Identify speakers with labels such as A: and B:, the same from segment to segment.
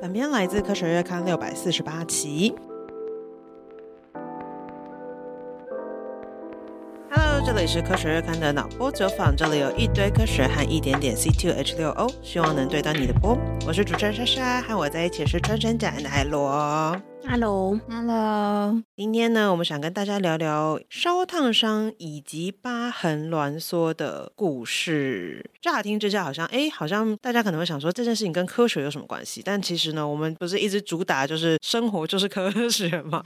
A: 本片來自《科學月刊》六百四十八期。Hello，這裡是《科學月刊》的腦波酒坊，這裡有一堆科學和一點點 C two H 六 O，希望能對到你的波。我是主持人莎莎，和我在一起是穿山甲奶螺。Hello，Hello。Hello, hello 今天呢，我們想跟大家聊聊燒燙傷以及疤痕攣縮的故事。乍聽之下，好像哎，好像大家可能會想說這件事情跟科學有什麼關係？但其實呢，我們不是一直主打就是生活就是科學嘛，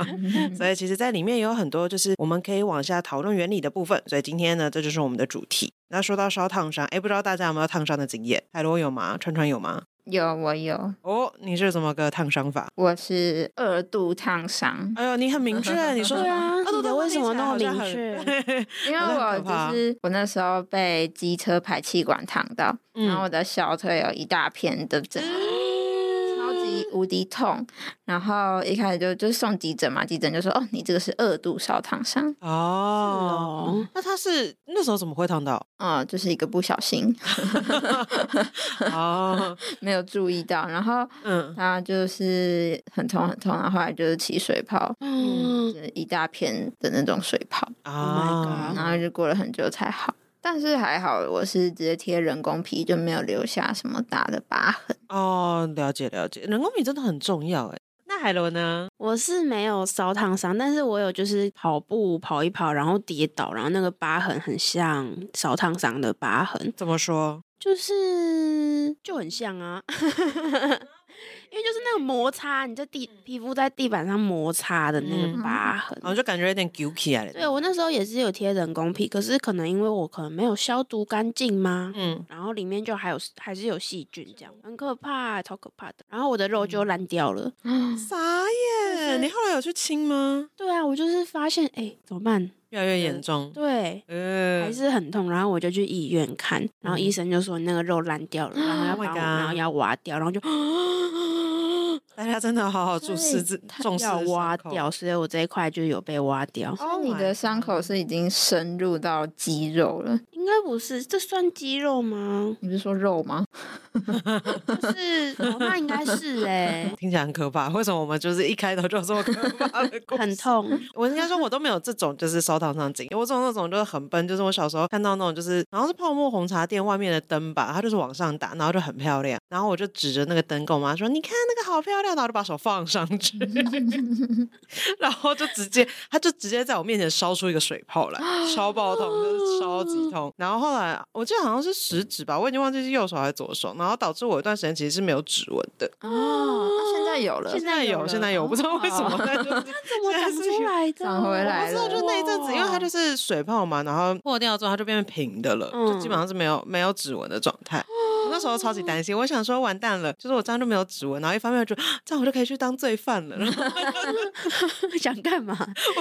A: 所以其實，在裡面有很多就是我們可以往下討論原理的部分。所以今天呢，這就是我們的主題。那說到燒燙傷，哎，不知道大家有沒有燙傷的經驗？海螺有嗎？川川有嗎？
B: 有我有哦
A: ，oh, 你是怎麼個燙傷法？
B: 我是二度燙傷。哎呦，你很明確，你說 對啊，二度的為什麼那麼明確？ 因為我就是、啊、我那時候被機車排氣管燙到，然後我的小腿有一大片的對？嗯 無敵痛，然後一開始就就是送急診嘛，急診就說哦，你這個是二度燒燙傷哦。Oh, 嗯、那他是那時候怎麼會燙到？啊、哦，就是一個不小心，哦 ，oh. 沒有注意到，然後嗯，他就是很痛很痛，然後，後來就是起水泡，oh. 嗯，一大片
A: 的那種水泡
B: 啊，oh my God, oh. 然後就過了很久才好。但是還好，我是直接貼人工皮，就沒有留下什麼大的疤
A: 痕。哦，了解了解，人工皮真的很重要哎。那海倫呢？我是沒有燒燙傷，但是我有就是跑
C: 步跑一跑，然後跌倒，然後那個疤痕很像燒燙傷的疤痕。怎麼說？就是就很像啊。 因為就是那個摩擦，你在地皮膚在地板上摩擦的那個疤痕，我、嗯、
A: 能就感覺有點扭曲啊。對，
C: 我那時候也是有貼人工皮，可是可能因為我可能沒有消毒乾淨嘛，嗯，然後裡面就還有還是有細菌，這樣很可怕，超可怕的。然後我的肉就爛掉了，傻耶眼，是你後來有去清嗎？對啊，我就是發現，哎、欸，怎麼辦？越來越嚴重、嗯，對，嗯、還是很痛。然後我就去醫院看，然後醫生就說那個肉爛掉了，嗯、然後要把我、然後要挖掉，然後就大家、啊哎、真的好好注視以重視要挖掉，所以我這一塊就有被挖掉。哦，
B: 你的傷口是已經深入到肌肉了？應
C: 該不是，這算肌肉嗎？你不是說肉嗎？ 就是， 那應該
A: 是哎、欸。聽起來很可怕，為什麼我們就是一開頭就這麼可怕的故事？ 很痛，我應該說，我都沒有這種就是燒燙傷的，因為我做那種就是很笨，就是我小時候看到那種就是，然後是泡沫紅茶店外面的燈吧，它就是往上打，然後就很漂亮，然後我就指着那個燈跟我媽說：“你看那個好漂亮。”然後就把手放上去， 然後就直接，他就直接在我面前燒出一個水泡來，超爆痛，就是超級痛。 然後後來，我記得好像是食指吧，我已經忘記是右手還是左手。然後導致我一段時間其實是沒有指紋的。哦，啊、現在有了，現在有，現在有，我不知道為什麼。現在
B: 哇、就是、怎麼長出來找長回來了我不
A: 我知道，就那一陣子，哇因為它就是水泡嘛，然後破掉之後，它就變成平的了，嗯、就基本上是沒有沒有指紋的狀態。哦那時候超級擔心，oh. 我想說完蛋了，就是我這樣就沒有指紋，然後一方面就這樣我就可以去當罪犯了， 想幹嘛？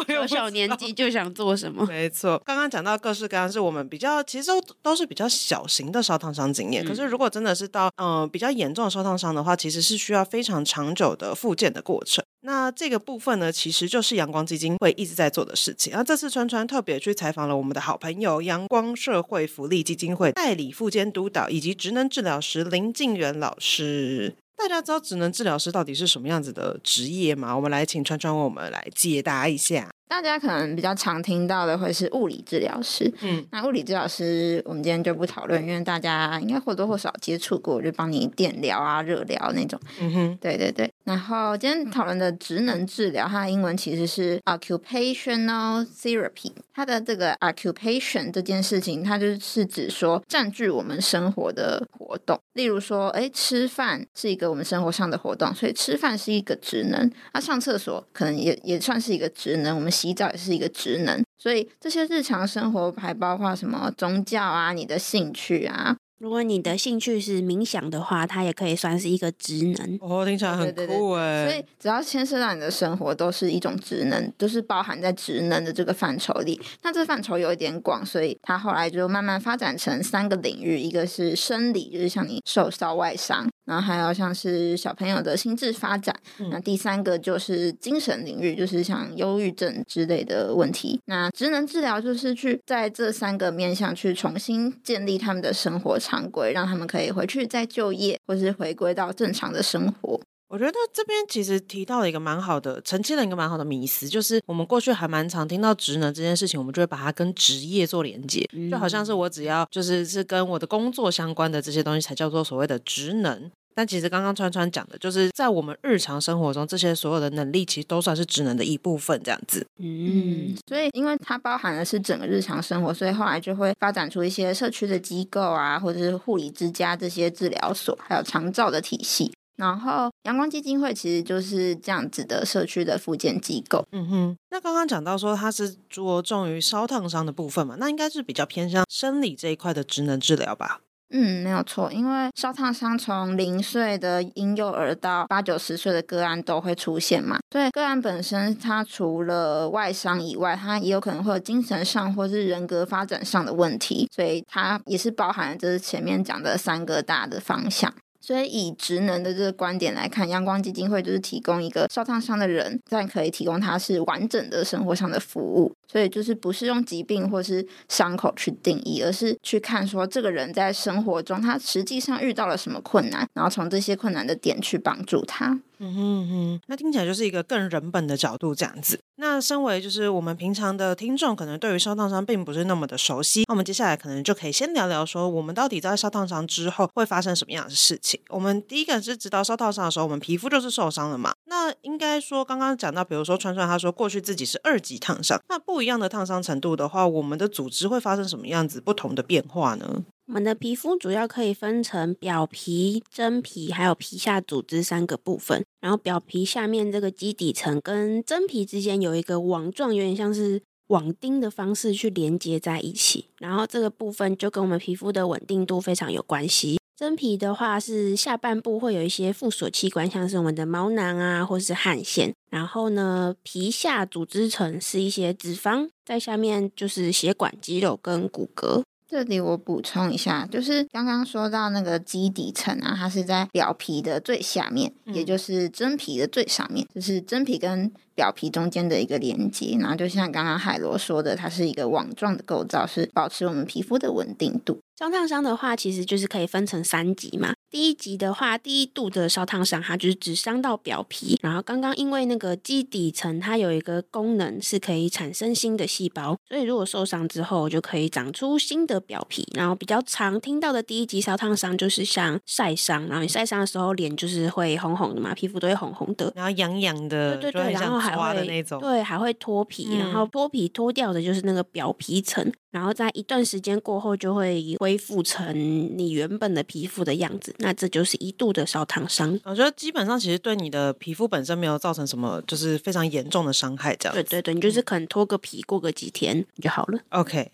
A: 我有小年紀就想做什麼？沒錯，剛剛講到各式各樣，是我們比較其實都是比較小型的燒燙傷經驗。嗯、可是如果真的是到嗯、呃、比較嚴重的燒燙傷的話，其實是需要非常長久的復健的過程。那這個部分呢，其實就是陽光基金會一直在做的事情。那這次川川特別去採訪了我們的好朋友陽光社會福利基金會代理副監督導以及職能治療師林靜嫄老師。大家知道職能治療師到底是什麼樣子的職業嗎？我們來請川川為我們來解答一下。大家可能
B: 比較常聽到的會是物理治療師，嗯，那物理治療師我們今天就不討論，因為大家應該或多或少接觸過，就幫你電療啊、熱療那種，嗯哼，對對對。然後今天討論的職能治療，它的英文其實是 occupational therapy。它的這個 occupation 這件事情，它就是指說占據我們生活的活動，例如說，哎、欸，吃飯是一個我們生活上的活動，所以吃飯是一個職能。那、啊、上廁所可能也也算是一個職能，我們。洗澡也是一個職能，所以這些日常生活還包括什麼宗教啊、你的興趣啊。如果你的興趣是冥想的話，它也可以算是一個職能。哦，聽起來很酷哎！所以只要牽涉到你的生活，都是一種職能，都、就是包含在職能的這個範疇裡。那這範疇有一點廣，所以他後來就慢慢發展成三個領域：一個是生理，就是像你受燒外傷；然後還有像是小朋友的心智發展；那第三個就是精神領域，就是像憂鬱症之類的問題。那職能治療就是去在這三個面向去重新建立他們的生活場。常規，讓他們可以回去再就業，或是回歸到正常的生活。
A: 我覺得這邊其實提到了一個蠻好的，澄清了一個蠻好的迷思，就是我們過去還蠻常聽到職能這件事情，我們就會把它跟職業做連接，嗯。就好像是我只要就是是跟我的工作相關的這些東西，才叫做所謂的職能。但其實剛剛川川講的，就是在我們日常生活中，這些所有的能力其實都算是職能的一部分，這樣子。嗯，
B: 所以因為它包含的是整個日常生活，所以後來就會發展出一些社區的機構啊，或者是護理之家這些治療所，還有長照的體系。然後陽光基金會其實就是這樣子的社區的復健機構。嗯
A: 哼，那剛剛講到說它是着重於燒燙傷的部分嘛，那應該是比較偏向生理這一塊的職能治療吧？
B: 嗯，沒有錯，因為燒燙傷從零歲的嬰幼兒到八九十歲的個案都會出現嘛，所以個案本身它，除了外傷以外，它也有可能會有精神上或是人格發展上的問題，所以它也是包含了就是前面講的三個大的方向。所以，以職能的這個觀點來看，陽光基金會就是提供一個燒燙傷的人，但可以提供他是完整的生活上的服務。所以，就是不是用疾病或是傷口去定義，而是去看說這個人在生活中他實際上遇到了什麼困難，然後從這些困難的點去幫助他。
A: 嗯哼,嗯哼。那聽起來就是一個更人本的角度這樣子。那身為就是我們平常的聽眾，可能對於燒燙傷並不是那麼的熟悉。那我們接下來可能就可以先聊聊說，我們到底在燒燙傷之後會發生什麼樣的事情？我們第一個是知道燒燙傷的時候，我們皮膚就是受傷了嘛。那應該說剛剛講到，比如說川川他說過去自己是二級燙傷，那不一樣的燙傷程度的話，我們的組織會發生什麼樣子不同的變化呢？我們的皮
C: 膚主要可以分成表皮、真皮，還有皮下組織三個部分。然後表皮下面這個基底層跟真皮之間有一個網狀，有點像是網釘的方式去連接在一起。然後這個部分就跟我們皮膚的穩定度非常有關係。真皮的話是下半部會有一些附屬器官，像是我們的毛囊啊，或是汗腺。然後呢，皮下組織層是一些脂肪，在下面就是血管、肌肉跟骨骼。
B: 這裡我補充一下，就是剛剛說到那個基底層啊，它是在表皮的最下面，嗯、也就是真皮的最上面，就是真皮跟表皮中間的一個連接。然後就像剛剛海螺說的，它是一個網狀的構造，是保持我們皮膚的穩定度。
C: 燒燙傷的話，其實就是可以分成三級嘛。第一級的話，第一度的燒燙傷，它就是只傷到表皮。然後剛剛因為那個基底層，它有一個功能是可以產生新的細胞，所以如果受傷之後就可以長出新的表皮。然後比較常聽到的第一級燒燙傷就是像曬傷，然後你曬傷的時候臉就是會紅紅的嘛，皮膚都會紅
A: 紅的，然後癢癢的，對對對，的那種，然後還會，對，
C: 還會脫皮，嗯，然後脫皮脫掉的就是那個表皮層，然後在一段時間過後就會恢復成
A: 你原本的皮膚的樣子。那這就是一度的燒燙傷，我覺得基本上其實對你的皮膚本身沒有造成什麼，就是非常嚴重的傷害，這樣。對對對，你就是可能脫個皮，過個幾天就好了。嗯。OK，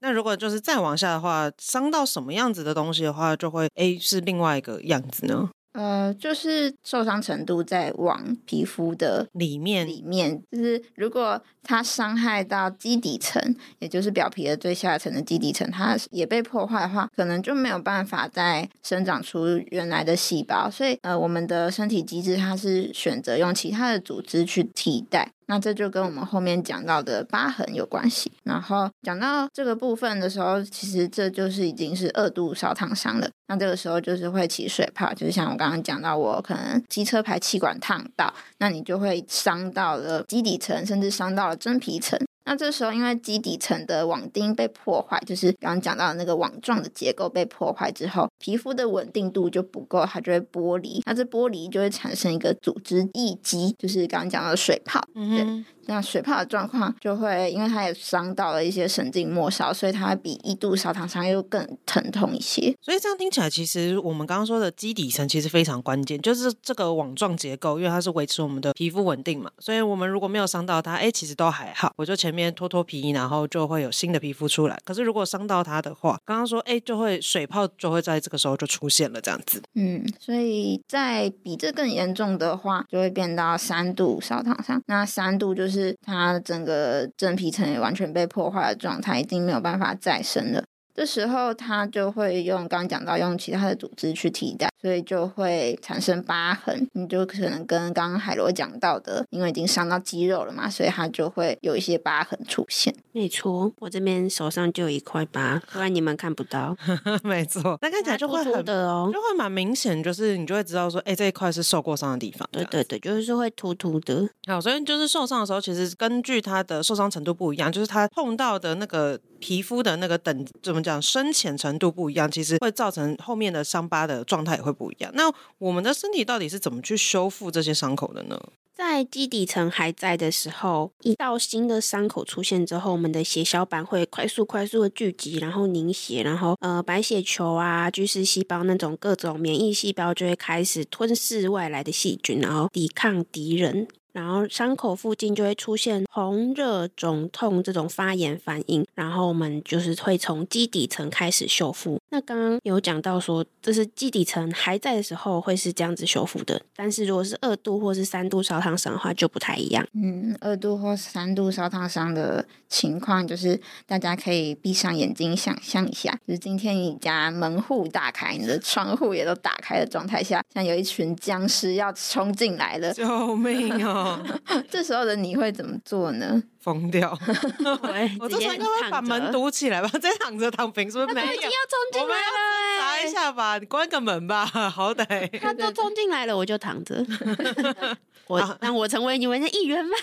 A: 那如果就是再往下的話，傷到什麼樣子的東西的話，就會誒是另外一個樣子呢？
B: 呃，就是受傷程度在往皮膚的裡面裡面，就是如果它傷害到基底層，也就是表皮的最下層的基底層，它也被破壞的話，可能就沒有辦法再生長出原來的細胞，所以呃，我們的身體機制它是選擇用其他的組織去替代。那這就跟我們後面講到的疤痕有關係。然後講到這個部分的時候，其實這就是已經是二度燒燙傷了。那這個時候就是會起水泡，就是像我剛剛講到，我可能機車排氣管燙到，那你就會傷到了基底層，甚至傷到了真皮層。那這時候，因為基底層的網釘被破壞，就是剛剛講到的那個網狀的結構被破壞之後，皮膚的穩定度就不夠，它就會剝離。那這剝離就會產生一個組織液積，就是剛剛講到的水泡，對，嗯。那水泡的狀況就會，因為它也傷到了一些神經末梢，所以它會比一度燒燙傷又更疼痛一些。
A: 所以這樣聽起來，其實我們剛剛說的基底層其實非常關鍵，就是這個網狀結構，因為它是維持我們的皮膚穩定嘛。所以我們如果沒有傷到它，哎、欸，其實都還好。我就前面脫脫皮，然後就會有新的皮膚出來。可是如果傷到它的話，剛剛說，哎、欸，就會水泡就會在這個時候就出現了這樣子。
B: 嗯，所以在比這更嚴重的話，就會變到三度燒燙傷。那三度就是。是它整個真皮層也完全被破壞的狀態，已經沒有辦法再生了。這時候，他就會用剛剛講到用其他的組織去替代，所以就會產生疤痕。你就可能跟剛剛海螺講到的，因為已經傷到肌肉了嘛，所以它就會有一些疤痕出
A: 現。沒錯，我這邊手上就有一塊疤，不然 你們看不到。 沒錯，那看起來就會、嗯、好的哦，就會蠻明顯，就是你就會知道說，哎、欸，這一塊是受過傷的地方。對對對，就是會凸凸的。好，所以就是受傷的時候，其實根據它的受傷程度不一樣，就是它碰到的那個。皮膚的那個等，怎麼講，深淺程度不一樣，其實會造成後面的傷疤的狀態也會不一樣。那我們的身體到底是怎麼去修復這些傷口的呢？
C: 在基底層還在的時候，一道新的傷口出現之後，我們的血小板會快速快速的聚集，然後凝血，然後呃、白血球啊、巨噬細胞那種各種免疫細胞就會開始吞噬外來的細菌，然後抵抗敵人。然後傷口附近就會出現紅、熱、腫、痛這種發炎反應，然後我們就是會從基底層開始修復。那剛剛有講到說，這是基底層還在的時候會是這樣子修復的，但是如果是二度
B: 或是三度燒燙傷的話就不太一樣。嗯，二度或三度燒燙傷的情況，就是大家可以閉上眼睛想象一下，就是今天你家門戶大開，你的窗戶也都打開的狀態下，像有一群殭屍要衝進來
A: 了，救命哦。
B: 這時候的你會怎麼做呢？
A: 瘋掉！我這時候會把門堵起來吧，直接躺著躺，躺平，是不是沒有？他一定要衝進來，欸。開對一下吧，你關個門吧，好歹 他都衝進來了，我就躺着。 我讓、啊、我成為你們的一員吧。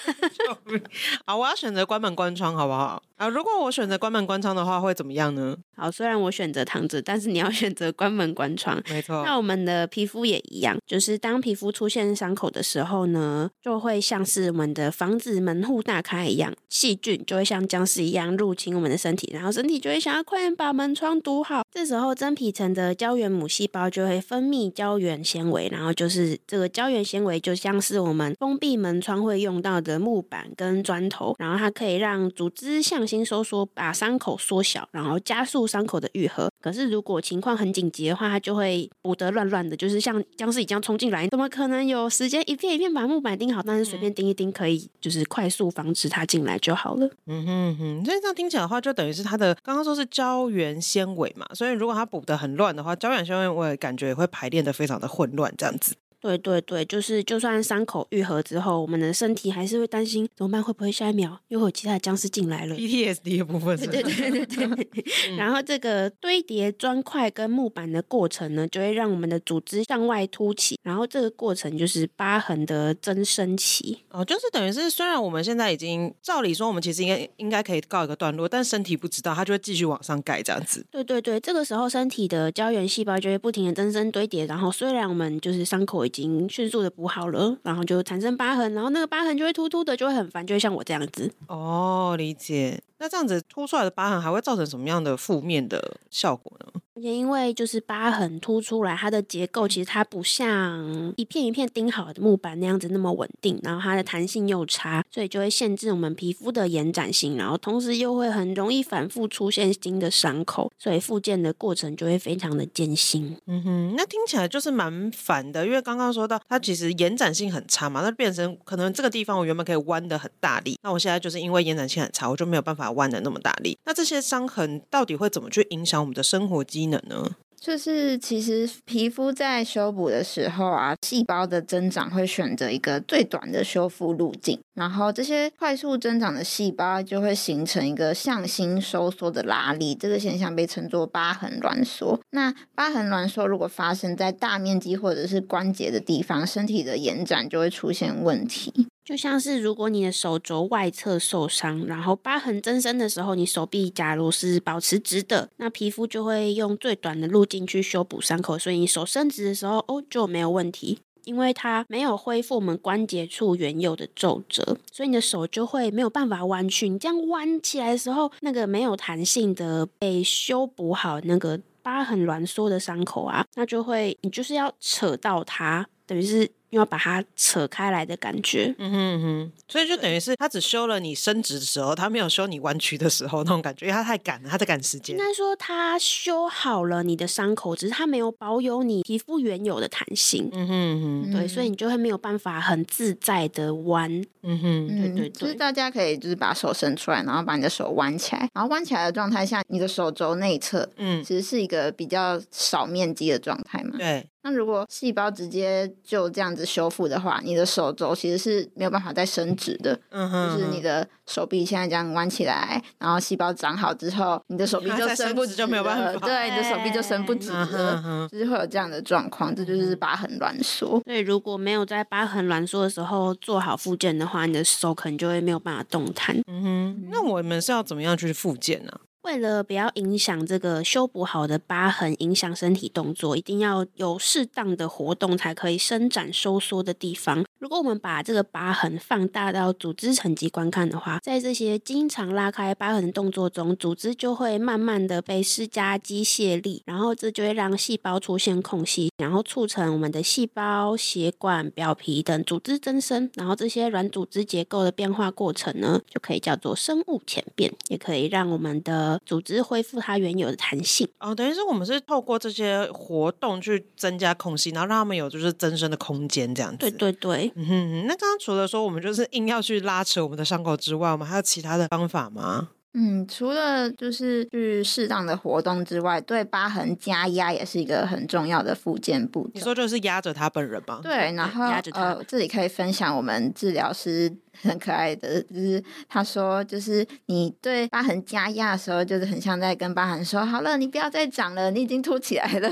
A: 好，我要選擇關門關窗，好不好？啊，如果我選擇關門關窗的話，會怎麼樣呢？好，雖然我選擇躺着，但是你要選
C: 擇關門關窗，沒錯。那我們的皮膚也一樣，就是當皮膚出現傷口的時候呢，就會像是我們的房子門戶大開一樣，細菌就會像僵屍一樣入侵我們的身體，然後身體就會想要快點把門窗堵好。這時候真皮層的的膠原母細胞就會分泌膠原纖維，然後就是這個膠原纖維就像是我們封閉門窗會用到的木板跟磚頭，然後它可以讓組織向心收縮，把傷口縮小，然後加速傷口的癒合。可是如果情況很緊急的話，它就會補得亂亂的，就是像殭屍一樣衝進來。怎麼可能有時間一片一
A: 片把木板釘好？但是隨便釘一釘，可以就是快速防止它進來就好了。嗯哼哼，所以這樣聽起來的話，就等於是它的，剛剛說是膠原纖維嘛，所以如果它補得很亂，的話，交響樂我也感覺也會排練的非常的混亂，這樣子。
C: 對對對，就是就算傷口癒合之後，我們的身體還是會擔心怎麼辦，會不會下一秒又會有其他的殭屍進來了？PTSD 的部分是。對對對對對。 嗯、然後這個堆疊磚塊跟木板的過程呢，就會讓我們的組織向外凸起，然後這個過程就是疤痕的增生期。
A: 哦，就是等於是雖然我們現在已經照理說我們其實應該應該可以告一個段落，但身體不知道，它就會繼續往上蓋這樣子。
C: 對對對，這個時候身體的膠原細胞就會不停的增生堆疊，然後雖然我們就是傷口已已經迅速的補好了，然
A: 後就產生疤痕，然後那個疤痕就會凸凸的，就會很煩，就會像我這樣子。哦，理解。那這樣子凸出來的疤痕還會造成什麼樣的負面的效果呢？
C: 而且因為就是疤痕凸出來，它的結構其實它不像一片一片釘好的木板那樣子那麼穩定，然後它的彈性又差，所以就會限制我們皮膚的延展性，然後同時又會很容易反覆出現新的傷口，所以復健的過程就會非常的艱辛。嗯哼，
A: 那聽起來就是蠻煩的，因為剛剛說到它其實延展性很差嘛，那變成可能這個地方我原本可以彎得很大力，那我現在就是因為延展性很差，我就沒有辦法。彎的那麼大力，那這些傷痕到底會怎麼去影響我們的生活機能呢？就
B: 是其實皮膚在修補的時候啊，細胞的增長會選擇一個最短的修復路徑，然後這些快速增長的細胞就會形成一個向心收縮的拉力，這個現象被稱作疤痕攣縮。那疤痕攣縮如果發生在大面積或者是關節的地方，身體的延展就會出現問題。
C: 就像是，如果你的手肘外側受傷，然後疤痕增生的時候，你手臂假如是保持直的，那皮膚就會用最短的路徑去修補傷口，所以你手伸直的時候哦就沒有問題，因為它沒有恢復我們關節處原有的皺褶，所以你的手就會沒有辦法彎曲。你這樣彎起來的時候，那個沒有彈性的被修補好那個疤痕攣縮的傷口啊，那就會你就是要扯到它，等於是。要把它扯開來的感覺，嗯
A: 哼嗯哼，所以就等於是他只修了你伸直的時候，對他沒有修你彎曲的時候那種感覺，因為他太趕了，他在趕時間。應該
C: 說他修好了你的傷口，只是他沒有保有你皮膚原有的彈性，嗯哼嗯哼，嗯哼，對，所以你就會沒有辦法很
B: 自在的彎，嗯
C: 哼，對對對。就是
B: 大家可以就是把手伸出來，然後把你的手彎起來，然後彎起來的狀態下，你的手肘內側，嗯，其實是一個比較少面積的狀態嘛，對。那如果細胞直接就這樣子修復的話，你的手肘其實是沒有辦法再伸直的。嗯哼，嗯哼，就是你的手臂現在這樣彎起來，然後細胞長好之後，你的手臂就伸不直，在伸直就沒有辦法。對，欸、你的手臂就伸不直了，嗯哼嗯哼，就是會有這樣的狀況，這就是疤痕攣縮。對，如果沒有在疤痕攣
C: 縮的時候做好復健的話，你的手可能就會沒有辦法動彈。嗯哼，那我們是
A: 要怎麼樣去復健呢、啊？
C: 為了不要影響這個修補好的疤痕，影響身體動作，一定要有適當的活動才可以伸展收縮的地方。如果我們把這個疤痕放大到組織層級觀看的話，在這些經常拉開疤痕的動作中，組織就會慢慢的被施加機械力，然後這就會讓細胞出現空隙，然後促成我們的細胞、血管、表皮等組織增生。然後這些軟組織結構的變化過程呢，就可以叫做生物潛變，
A: 也可以讓我們的。組織恢復它原有的彈性哦，等於是我們是透過這些活動去增加空隙，然後讓他們有就是增生的空間，這樣子。對對對，嗯哼，那剛剛除了說我們就是硬要去拉扯我們的傷口之外，我們還有其他的方法嗎？嗯，
B: 除了就是去適當的活動之外，對疤痕加壓也是一個很重要的復健步
A: 驟。你說就是壓着他本人嗎？
B: 對，然後壓着他呃，這裡可以分享我們治療師。很可愛的，就是他說，就是你對疤痕加壓的時候，就是很像在跟疤痕說：“好了，你不要再長了，你已經凸起來了。”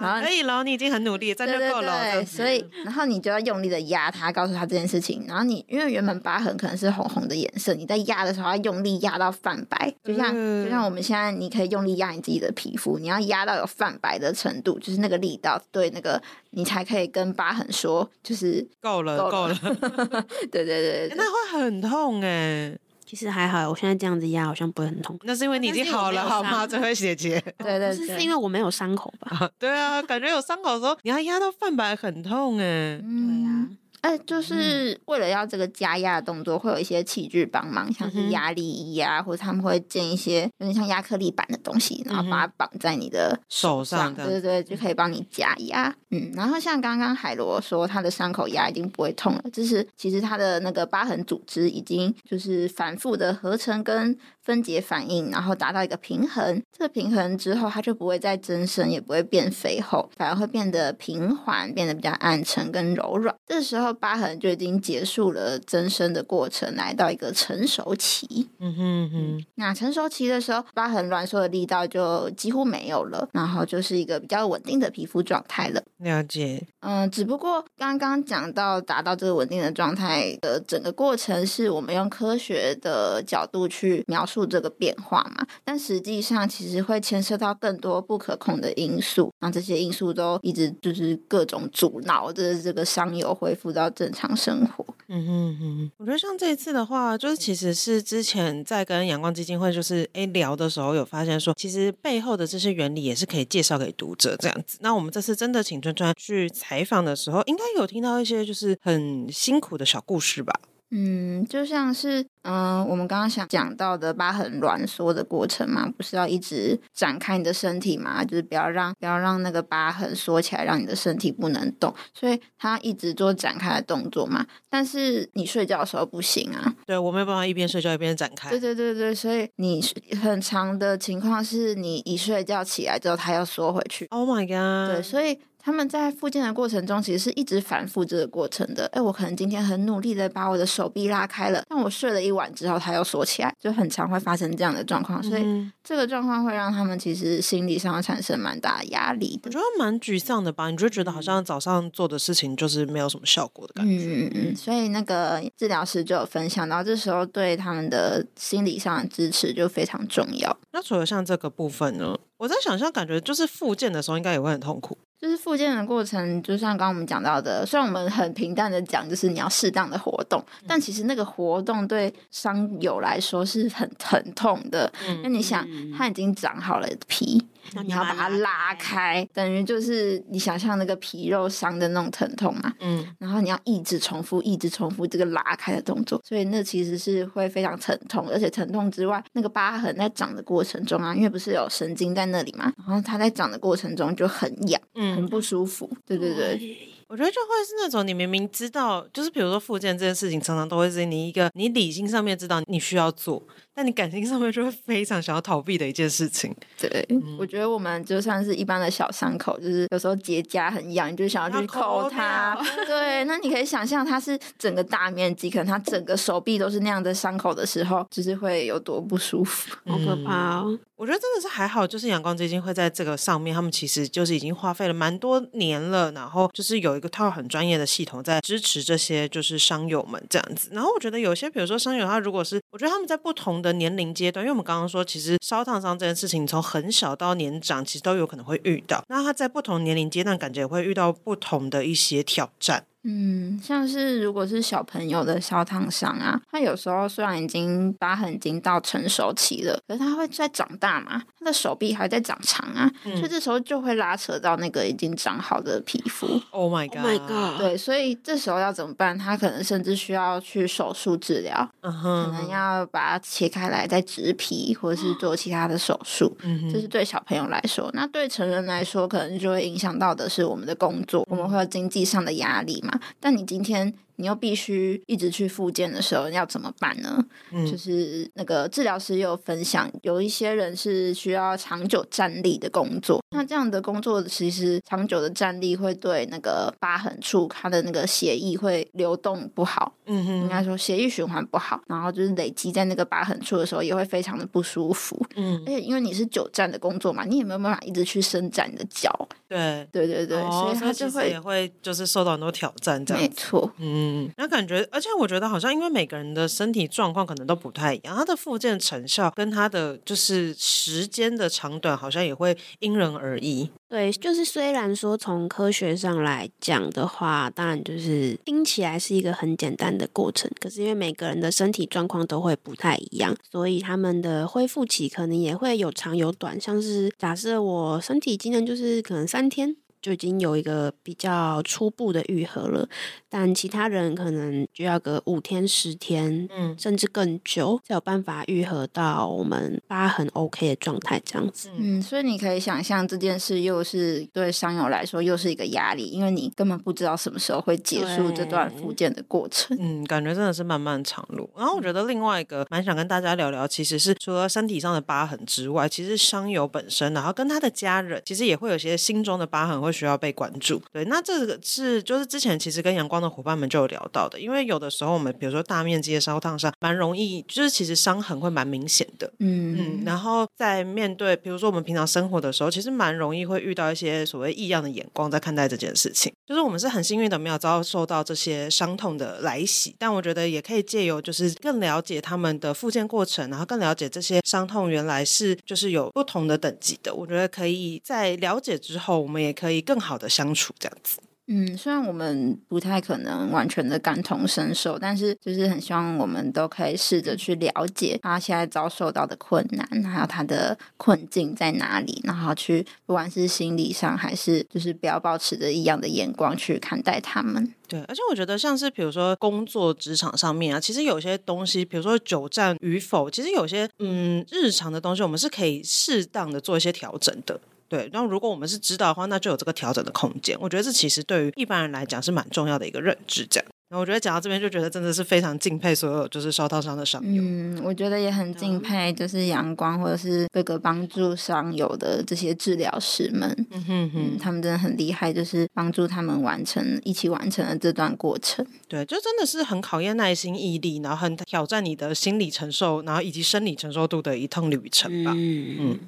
A: 然後、啊、可以了，你已經很努力了，真的夠了。對，
B: 所以，然後你就要用力的壓它，告訴他這件事情。然後你因為原本疤痕可能是紅紅的顏色，你在壓的時候要用力壓到泛白，就像、嗯、就像我們現在，你可以用力壓你自己的皮膚，你要壓到有泛白的程度，就是那個力道，對那個你才可以跟疤痕說，就是
A: 夠了，夠了。夠
B: 了 對對對對。 那會很痛哎？欸，其實還好，我現在這樣子壓
C: 好像不會很痛。
A: 那是因為你已經好了好嗎，這位姐
C: 姐？對對對，是因為我沒有傷口
A: 吧？ 對啊，感覺有傷口的時候，你要壓到泛白很痛哎、欸。嗯、對呀、啊。哎，就
B: 是為了要這個加壓的動作，會有一些器具幫忙，像是壓力衣啊，嗯、哼或者他們會建一些有點、就是、像壓克力板的東西，然後把它綁在你的
A: 手上的，對對對，
B: 就可以幫你加壓。嗯，嗯，然後像剛剛海螺說，他的傷口壓已經不會痛了，就是其實他的那個疤痕組織已經就是反復的合成跟分解反應，然後達到一個平衡。這個平衡之後，它就不會再增生，也不會變肥厚，反而會變得平緩，變得比較暗沉跟柔軟。這個、時候。疤痕就已經結束了增生的過程，來到一個成熟期。嗯
A: 哼
B: 哼，那成熟期的時候，疤痕攣縮的力道就幾乎沒有了，然後就是一個比較穩定的皮膚狀態了。
A: 了解，
B: 嗯，只不過剛剛講到達到這個穩定的狀態的整個過程，是我們用科學的角度去描述這個變化嘛？但實際上，其實會牽涉到更多不可控的因素，讓這些因素都一直就是各種阻撓這、就是、這個傷友恢復。要正常生活，嗯
A: 哼哼，我覺得像這一次的話，就是其實是之前在跟陽光基金會就是誒、欸、聊的時候，有發現說，其實背後的這些原理也是可以介紹給讀者這樣子。那我們這次真的請川川去採訪的時候，應該有聽到一些就是很辛苦的小故事吧！
B: 嗯，就像是嗯、呃，我們剛剛想講到的疤痕攣縮的過程嘛，不是要一直展開你的身體嘛，就是不要讓不要讓那個疤痕縮起來，讓你的身體不能動，所以它一直做展開的動作嘛。但是你睡覺的時候不行啊，
A: 對，我沒有辦法一邊睡覺一邊展開。
B: 對對對對，所以你很長的情況是你一睡覺起來之後，它要縮回去。Oh my god！對，所以。他們在復健的過程中，其實是一直反復這個過程的。誒，我可能今天很努力的把我的手臂拉開了，但我睡了一晚之後，它又縮起來，就很常會發生這樣的狀況。嗯，所以這個狀況會讓他們其實心理上產生蠻大的壓力
A: 的。我覺得蠻沮喪的吧，你就覺得好像早上做的事情就是沒有什麼效果的感覺。嗯嗯嗯。
B: 所以那個治療師就有分享到，這時候對他們的心理上的支持
A: 就非常重要。那除了像這個部分呢？我在想象，感覺就是復健的時候應該也會很痛苦。
B: 就是復健的過程，就像剛剛我們講到的，雖然我們很平淡的講，就是你要適當的活動，嗯、但其實那個活動對傷友來說是很疼痛的。那、嗯、你想，他已經長好了皮。你要把它拉開，拉開等於就是你想象那個皮肉傷的那種疼痛嘛。嗯，然後你要一直重複，一直重複這個拉開的動作，所以那其實是會非常疼痛，而且疼痛之外，那個疤痕在長的過程中啊，因為不是有神經在那裡嘛，然後它在長的過程中就很
A: 癢，嗯、很不舒服。對對對。對我覺得就會是那種你明明知道，就是比如說復健這件事情，常常都會是你一個你理性上面知道你需要做，但你感情上面就會非常想要逃避的一件事情。對，
B: 嗯、我覺得我們就算是一般的小傷口，就是有時候結痂很癢，你就想要去摳要摳，對，它。對，那你可以想象它是整個大面積，可能它整個手臂都是那樣的傷口的時候，就是會有多不舒服，
A: 嗯、好可怕哦。我覺得真的是還好，就是陽光基金會在這個上面，他們其實就是已經花費了蠻多年了，然後就是有一個套很專業的系統在支持這些就是傷友們這樣子。然後我覺得有些，比如說傷友他如果是，我覺得他們在不同的年齡階段，因為我們剛剛說，其實燒燙傷這件事情從很小到年長，其實都有可能會遇到。那他在不同年齡階段，感覺也會遇到不同的一些挑戰。
B: 嗯，像是如果是小朋友的燒燙傷啊，他有時候雖然已經疤痕已經到成熟期了，可是他會再長大嘛，他的手臂還在長長啊，嗯、所以這時候就會拉扯到那個已經長好的皮膚。Oh my god，Oh my god！對，所以這時候要怎麼辦？他可能甚至需要去手術治療，uh huh. 可能要把它切開來再植皮，或者是做其他的手術。這、嗯、哼是對小朋友來說，那對成人來說，可能就會影響到的是我們的工作，嗯、我們會有經濟上的壓力嘛。但你今天，你又必須一直去復健的時候你要怎麼辦呢？嗯，就是那個治療師也有分享，有一些人是需要長久站立的工作。那這樣的工作其實長久的站立會對那個疤痕處它的那個血液會流動不好，嗯哼，應該說血液循環不好，然後就是累積在那個疤痕處的時候也會非常的
A: 不舒服。嗯，而
B: 且因為你是久站的工作嘛，你也沒有辦法一直去伸展你的腳。
A: 對，對對對，哦，所以他就會也會就是受到很多挑戰，這樣沒錯，嗯。嗯，那感覺，而且我覺得好像，因為每個人的身體狀況可能都不太一樣，他的復健成效跟他的就是時間的長短，好像也會因人而異。
C: 對，就是雖然說從科學上來講的話，當然就是聽起來是一個很簡單的過程，可是因為每個人的身體狀況都會不太一樣，所以他們的恢復期可能也會有長有短。像是假設我身體今天就是可能三天。就已經有一個比較初步的癒合了，但其他人可能就要個五天、十天，嗯，甚至更久才有辦法癒合到我們疤痕 OK 的狀態這樣子。嗯，
B: 所以你可以想象這件事又是對傷友來說又是一個壓力，因為你根本不知道什麼時候會結束這段復健的過
A: 程。嗯，感覺真的是漫漫長路。然後我覺得另外一個蠻想跟大家聊聊，其實是除了身體上的疤痕之外，其實傷友本身，然後跟他的家人，其實也會有些心中的疤痕。會需要被關注，對，那這個是就是之前其實跟陽光的夥伴們就有聊到的，因為有的時候我們比如說大面積的燒燙傷，蠻容易就是其實傷痕會蠻明顯的，嗯嗯，然後在面對比如說我們平常生活的時候，其實蠻容易會遇到一些所謂異樣的眼光在看待這件事情，就是我們是很幸運的沒有遭受到這些傷痛的來襲，但我覺得也可以借由就是更了解他們的復健過程，然後更了解這些傷痛原來是就是有不同的等級的，我覺得可以在了解之後，我們也可以。更好的相處，這樣子。
B: 嗯，雖然我們不太可能完全的感同身受，但是就是很希望我們都可以試着去了解他現在遭受到的困難，還有他的困境在哪裡，然後去不管是心理上還是就是不要保持着一樣的眼光去看待他們。
A: 對，而且我覺得像是比如說工作職場上面啊，其實有些東西，比如說久站與否，其實有些嗯日常的東西，我們是可以適當的做一些調整的。對，那如果我們是知道的話，那就有這個調整的空間。我覺得這其實對於一般人來講是蠻重要的一個認知。這樣，那我覺得講到這邊就覺得真的是非常敬佩所有就是燒燙傷的傷
B: 友。嗯，我覺得也很敬佩就是陽光或者是各個幫助傷友的這些治療師們。嗯哼哼，嗯，他們真的很厲害，就是幫助他們完成、一起完成了這段過程。
A: 對，就真的是很考驗耐心、毅力，然後很挑戰你的心理承受，然後以及生理承受度的一趟旅程吧。嗯。嗯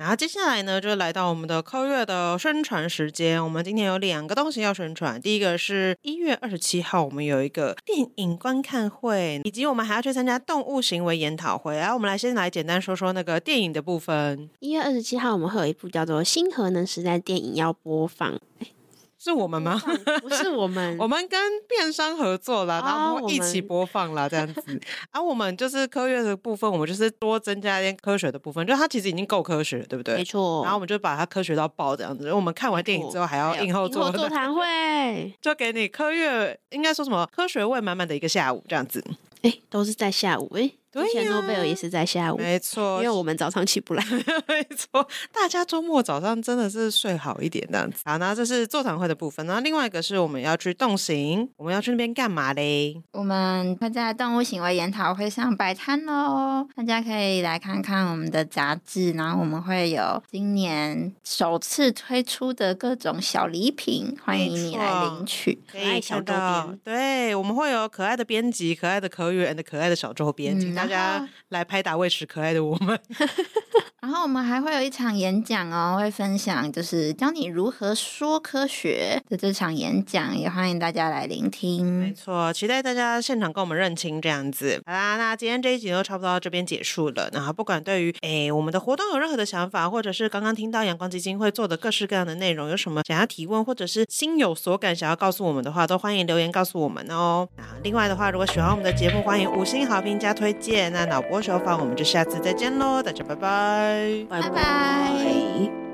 A: 然後接下來呢，就來到我們的科月的宣傳時間。我們今天有兩個東西要宣傳。第一個是一月二十七號，我們有一個電影觀看會，以及我們還要去參加動物行為研討會。然後我們來先來簡單說說那個電影的部分。一月二十七號，我們會有一部叫做《新核能時代》電影要播放。哎是我們嗎？不是我們， 我們跟電商合作了，然後一起播放了、oh, 這樣子。我們 啊，我們就是科月的部分，我們就是多增加一點科學的部分，就它其實已經夠科學了，對不對？沒錯錯。然後我們就把它科學到爆這樣子。我們看完電影之後還要映後做座談錯 會， 就給你科月應該說什麼科學味滿滿的一個下午這樣子。哎、欸，都是在下午哎、欸。對呀、啊，諾貝爾也是在下午，沒錯，因為我們早上起不來沒，沒錯。大家周末早上真的是睡好一點，那樣子。好，那這是座談會的部分。那另外一個是我們要去動行，我們要去那邊幹嘛嘞？
B: 我們會在動物行為研討會上擺攤嘍，大家可以來看看我們的雜誌，然後我們會有今年首次推出的各種小禮品，歡迎你來領取沒錯，
A: 可愛小周邊。對，我們會有可愛的編輯、可愛的口語員的可愛的小周邊。嗯大家來拍打餵食可愛的我們。
B: 然後我們還會有一場演講哦，會分享就是教你如何說科學的這場演講，也歡迎大家來聆聽。沒
A: 錯，期待大家現場跟我們認親這樣子。好啦，那今天這一集都差不多到這邊結束了。然後不管對於誒、哎、我們的活動有任何的想法，或者是剛剛聽到陽光基金會做的各式各樣的內容，有什麼想要提問，或者是心有所感想要告訴我們的話，都歡迎留言告訴我們哦。那另外的話，如果喜歡我們的節目，歡迎五星好評加推薦。那腦波酒坊，我們就下次再見嘍，大家拜拜。拜拜。